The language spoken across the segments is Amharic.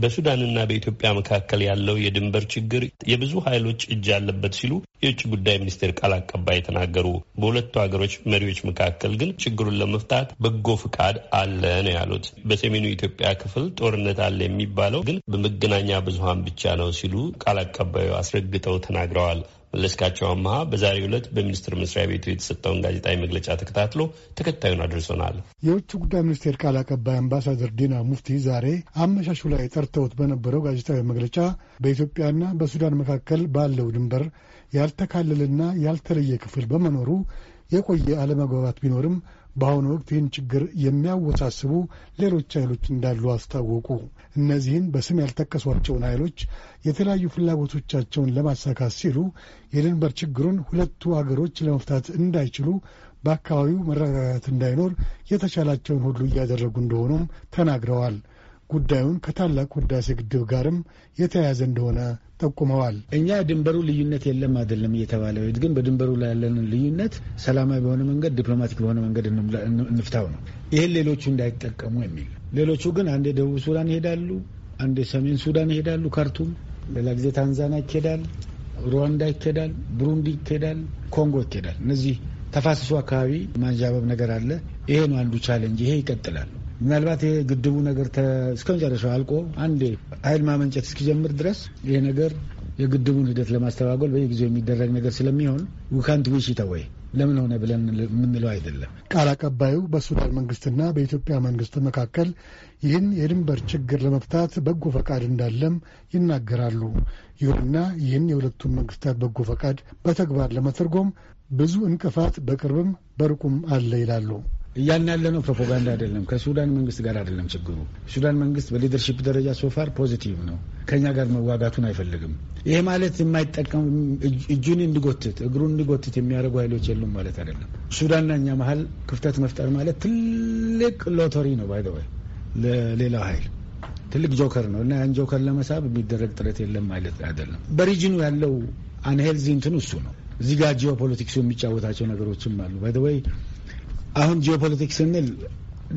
በሱዳንና በኢትዮጵያ መካከል ያለው የድንበር ችግር የብዙ ኃይሎች እጅ ያለበት ሲሉ የውጭ ጉዳይ ሚኒስቴር ቃል አቀባይ ተናገሩ። በሁለቱ ሀገሮች መሪዎች መካከል ግን ችግሩን ለመፍታት በጎ ፍቃድ አለ ነው ያሉት። በሰሜኑ ኢትዮጵያ ክፍል ጦርነት አለ የሚባለው ግን በመገናኛ ብዙኃን ብቻ ነው ሲሉ ቃል አቀባዩ አስረግጠው ተናግረዋል። መለስካቸው አመሃ በዛሬው ዕለት በሚኒስቴር መስሪያ ቤቱ የተሰጠውን ጋዜጣዊ መግለጫ ተከታትሎ ተከታዩን አድርሶናል። የውጭ ጉዳይ ሚኒስቴር ቃል አቀባይ አምባሳደር ዲና ሙፍቲ ዛሬ አመሻሹ ላይ ጠርተውት በነበረው ጋዜጣዊ መግለጫ በኢትዮጵያና በሱዳን መካከል ባለው ድንበር ያልተካለለና ያልተለየ ክፍል በመኖሩ የቆየ አለመግባባት ቢኖርም በአሁኑ ወቅት ይህን ችግር የሚያወሳስቡ ሌሎች ኃይሎች እንዳሉ አስታወቁ። እነዚህን በስም ያልጠቀሷቸውን ኃይሎች የተለያዩ ፍላጎቶቻቸውን ለማሳካት ሲሉ የድንበር ችግሩን ሁለቱ አገሮች ለመፍታት እንዳይችሉ በአካባቢው መረጋጋት እንዳይኖር የተቻላቸውን ሁሉ እያደረጉ እንደሆኑም ተናግረዋል። ጉዳዩን ከታላቅ ህዳሴ ግድብ ጋርም የተያያዘ እንደሆነ ጠቁመዋል። እኛ ድንበሩ ልዩነት የለም አይደለም እየተባለ ግን በድንበሩ ላይ ያለንን ልዩነት ሰላማዊ በሆነ መንገድ፣ ዲፕሎማቲክ በሆነ መንገድ እንፍታው ነው። ይህን ሌሎቹ እንዳይጠቀሙ የሚል ሌሎቹ ግን አንድ የደቡብ ሱዳን ይሄዳሉ፣ አንድ የሰሜን ሱዳን ይሄዳሉ፣ ካርቱም ሌላ ጊዜ ታንዛኒያ ይኬዳል፣ ሩዋንዳ ይኬዳል፣ ብሩንዲ ይኬዳል፣ ኮንጎ ይኬዳል። እነዚህ ተፋሰሱ አካባቢ ማንዣበብ ነገር አለ። ይሄ ነው አንዱ ቻለንጅ። ይሄ ይቀጥላል። ምናልባት ይሄ ግድቡ ነገር እስከ መጨረሻው አልቆ አንዴ ኃይል ማመንጨት እስኪጀምር ድረስ ይሄ ነገር የግድቡን ሂደት ለማስተጓጎል በየጊዜው የሚደረግ ነገር ስለሚሆን ውካንት ዊሽ ይተወይ ለምን ሆነ ብለን የምንለው አይደለም። ቃል አቀባዩ በሱዳን መንግስትና በኢትዮጵያ መንግስት መካከል ይህን የድንበር ችግር ለመፍታት በጎ ፈቃድ እንዳለም ይናገራሉ። ይሁንና ይህን የሁለቱም መንግስታት በጎ ፈቃድ በተግባር ለመተርጎም ብዙ እንቅፋት በቅርብም በርቁም አለ ይላሉ። እያልን ያለ ነው ፕሮፓጋንዳ አይደለም። ከሱዳን መንግስት ጋር አይደለም ችግሩ። ሱዳን መንግስት በሊደርሺፕ ደረጃ ሶፋር ፖዚቲቭ ነው። ከኛ ጋር መዋጋቱን አይፈልግም። ይሄ ማለት የማይጠቀም እጁን እንዲጎትት እግሩን እንዲጎትት የሚያደርጉ ኃይሎች የሉም ማለት አይደለም። ሱዳንና እኛ መሀል ክፍተት መፍጠር ማለት ትልቅ ሎተሪ ነው። ባይደወይ ለሌላው ኃይል ትልቅ ጆከር ነው እና ያን ጆከር ለመሳብ የሚደረግ ጥረት የለም ማለት አይደለም። በሪጅኑ ያለው አንሄልዚ እንትን እሱ ነው። እዚህ ጋር ጂኦፖለቲክሱ የሚጫወታቸው ነገሮችም አሉ ባይደወይ አሁን ጂኦፖለቲክስ ስንል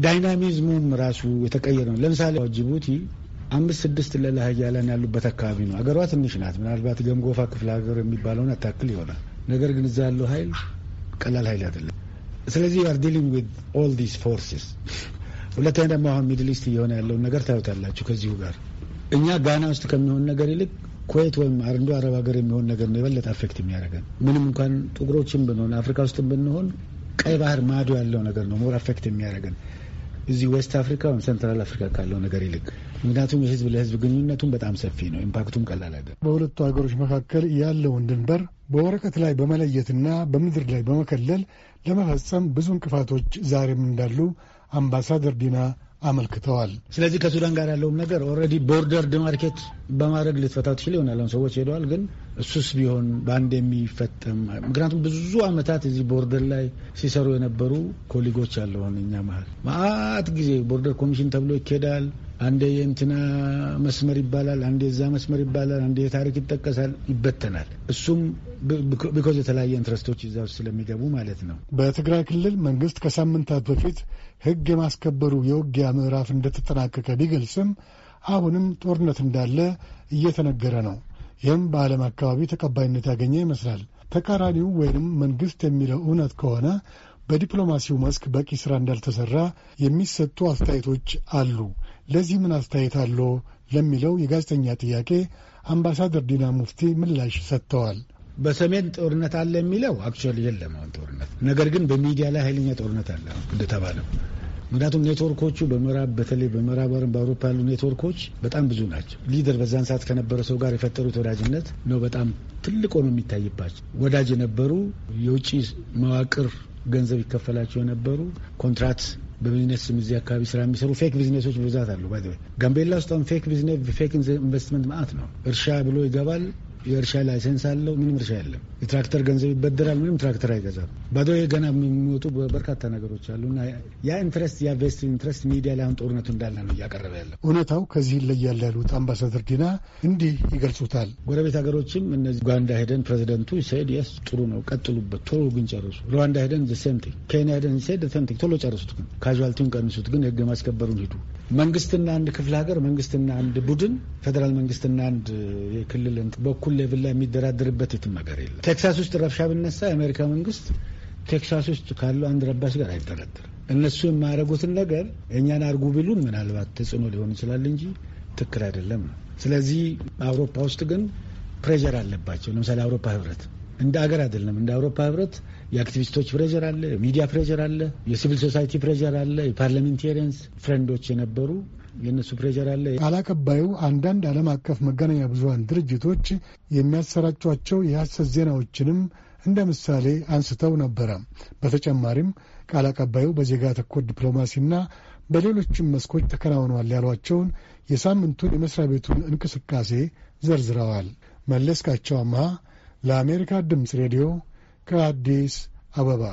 ዳይናሚዝሙም ራሱ የተቀየረ ነው። ለምሳሌ ጅቡቲ አምስት ስድስት ለላህያላን ያሉበት አካባቢ ነው። አገሯ ትንሽ ናት። ምናልባት ገምጎፋ ክፍለ ሀገር የሚባለውን አታክል ይሆናል። ነገር ግን እዛ ያለው ሀይል ቀላል ሀይል አይደለም። ስለዚህ ዩ አር ዲሊንግ ዊዝ ኦል ዲስ ፎርስስ። ሁለተኛ ደግሞ አሁን ሚድል ኢስት እየሆነ ያለውን ነገር ታዩታላችሁ። ከዚሁ ጋር እኛ ጋና ውስጥ ከሚሆን ነገር ይልቅ ኩዌት ወይም አረንዶ አረብ ሀገር የሚሆን ነገር ነው የበለጠ አፌክት የሚያደርገን። ምንም እንኳን ጥቁሮችን ብንሆን አፍሪካ ውስጥ ብንሆን ቀይ ባህር ማዶ ያለው ነገር ነው ሞር አፌክት የሚያደርገን እዚህ ዌስት አፍሪካ ወይም ሴንትራል አፍሪካ ካለው ነገር ይልቅ። ምክንያቱም የህዝብ ለህዝብ ግንኙነቱም በጣም ሰፊ ነው፣ ኢምፓክቱም ቀላል አይደለም። በሁለቱ ሀገሮች መካከል ያለውን ድንበር በወረቀት ላይ በመለየትና በምድር ላይ በመከለል ለመፈጸም ብዙ እንቅፋቶች ዛሬም እንዳሉ አምባሳደር ዲና አመልክተዋል። ስለዚህ ከሱዳን ጋር ያለውም ነገር ኦልሬዲ ቦርደር ድማርኬት በማድረግ ልትፈታው ትችል ይሆናል። ሰዎች ሄደዋል። ግን እሱስ ቢሆን በአንድ የሚፈጠም ምክንያቱም ብዙ አመታት እዚህ ቦርደር ላይ ሲሰሩ የነበሩ ኮሊጎች አለሆን እኛ መሀል ማአት ጊዜ ቦርደር ኮሚሽን ተብሎ ይኬዳል። አንዴ የእንትና መስመር ይባላል፣ አንዴ የዛ መስመር ይባላል፣ አንዴ የታሪክ ይጠቀሳል፣ ይበተናል። እሱም ቢኮዝ የተለያየ ኢንትረስቶች እዛ ውስጥ ስለሚገቡ ማለት ነው። በትግራይ ክልል መንግስት ከሳምንታት በፊት ህግ የማስከበሩ የውጊያ ምዕራፍ እንደተጠናቀቀ ቢገልጽም አሁንም ጦርነት እንዳለ እየተነገረ ነው። ይህም በዓለም አካባቢ ተቀባይነት ያገኘ ይመስላል። ተቃራኒው ወይንም መንግስት የሚለው እውነት ከሆነ በዲፕሎማሲው መስክ በቂ ስራ እንዳልተሰራ የሚሰጡ አስተያየቶች አሉ። ለዚህ ምን አስተያየት አለ ለሚለው የጋዜጠኛ ጥያቄ አምባሳደር ዲና ሙፍቲ ምላሽ ሰጥተዋል። በሰሜን ጦርነት አለ የሚለው አክቹዋሊ የለም አሁን ጦርነት። ነገር ግን በሚዲያ ላይ ኃይለኛ ጦርነት አለ እንደተባለው። ምክንያቱም ኔትወርኮቹ በምዕራብ በተለይ በምዕራብ በአውሮፓ ያሉ ኔትወርኮች በጣም ብዙ ናቸው። ሊደር በዛን ሰዓት ከነበረ ሰው ጋር የፈጠሩት ወዳጅነት ነው በጣም ትልቅ ሆኖ የሚታይባቸው ወዳጅ የነበሩ የውጭ መዋቅር ገንዘብ ይከፈላቸው የነበሩ ኮንትራት በቢዝነስ ስም እዚህ አካባቢ ስራ የሚሰሩ ፌክ ቢዝነሶች በብዛት አሉ። ባይ ጋምቤላ ውስጥ ፌክ ቢዝነስ ፌክ ኢንቨስትመንት ማአት ነው። እርሻ ብሎ ይገባል የእርሻ ላይሰንስ አለው፣ ምንም እርሻ የለም። የትራክተር ገንዘብ ይበደራል፣ ምንም ትራክተር አይገዛም። ባዶ ገና የሚወጡ በርካታ ነገሮች አሉ እና ያ ኢንትረስት ያ ቬስት ኢንትረስት ሚዲያ ላይ አሁን ጦርነቱ እንዳለ ነው እያቀረበ ያለው። እውነታው ከዚህ ይለያል ያሉት አምባሳደር ዲና እንዲህ ይገልጹታል። ጎረቤት ሀገሮችም እነዚህ ጓንዳ ሄደን ፕሬዚደንቱ ሰድ የስ ጥሩ ነው ቀጥሉበት፣ ቶሎ ግን ጨርሱ። ሩዋንዳ ሄደን ዘሴምቲንግ፣ ኬንያ ሄደን ሴድ ዘሴምቲንግ፣ ቶሎ ጨርሱት፣ ግን ካዥዋልቲውን ቀንሱት፣ ግን ህግ ማስከበሩን ሂዱ። መንግስትና አንድ ክፍለ ሀገር መንግስትና አንድ ቡድን ፌዴራል መንግስትና አንድ የክልል በኩል እኩል ሌቭል ላይ የሚደራደርበት የትም ነገር የለም። ቴክሳስ ውስጥ ረብሻ ብነሳ የአሜሪካ መንግስት ቴክሳስ ውስጥ ካለው አንድ ረባሽ ጋር አይደራደርም። እነሱ የማያደርጉትን ነገር እኛን አርጉ ቢሉን ምናልባት ተጽዕኖ ሊሆን ይችላል እንጂ ትክክል አይደለም ነው። ስለዚህ አውሮፓ ውስጥ ግን ፕሬዠር አለባቸው። ለምሳሌ አውሮፓ ህብረት እንደ አገር አይደለም። እንደ አውሮፓ ህብረት የአክቲቪስቶች ፕሬዠር አለ፣ የሚዲያ ፕሬዠር አለ፣ የሲቪል ሶሳይቲ ፕሬዠር አለ። የፓርላሜንቴሪያንስ ፍሬንዶች የነበሩ የእነሱ ፕሬሸር አለ። ቃል አቀባዩ አንዳንድ ዓለም አቀፍ መገናኛ ብዙሀን ድርጅቶች የሚያሰራጯቸው የሐሰት ዜናዎችንም እንደ ምሳሌ አንስተው ነበረ። በተጨማሪም ቃል አቀባዩ በዜጋ ተኮር ዲፕሎማሲና በሌሎችም መስኮች ተከናውነዋል ያሏቸውን የሳምንቱን የመስሪያ ቤቱን እንቅስቃሴ ዘርዝረዋል። መለስካቸው አምሃ ለአሜሪካ ድምፅ ሬዲዮ ከአዲስ አበባ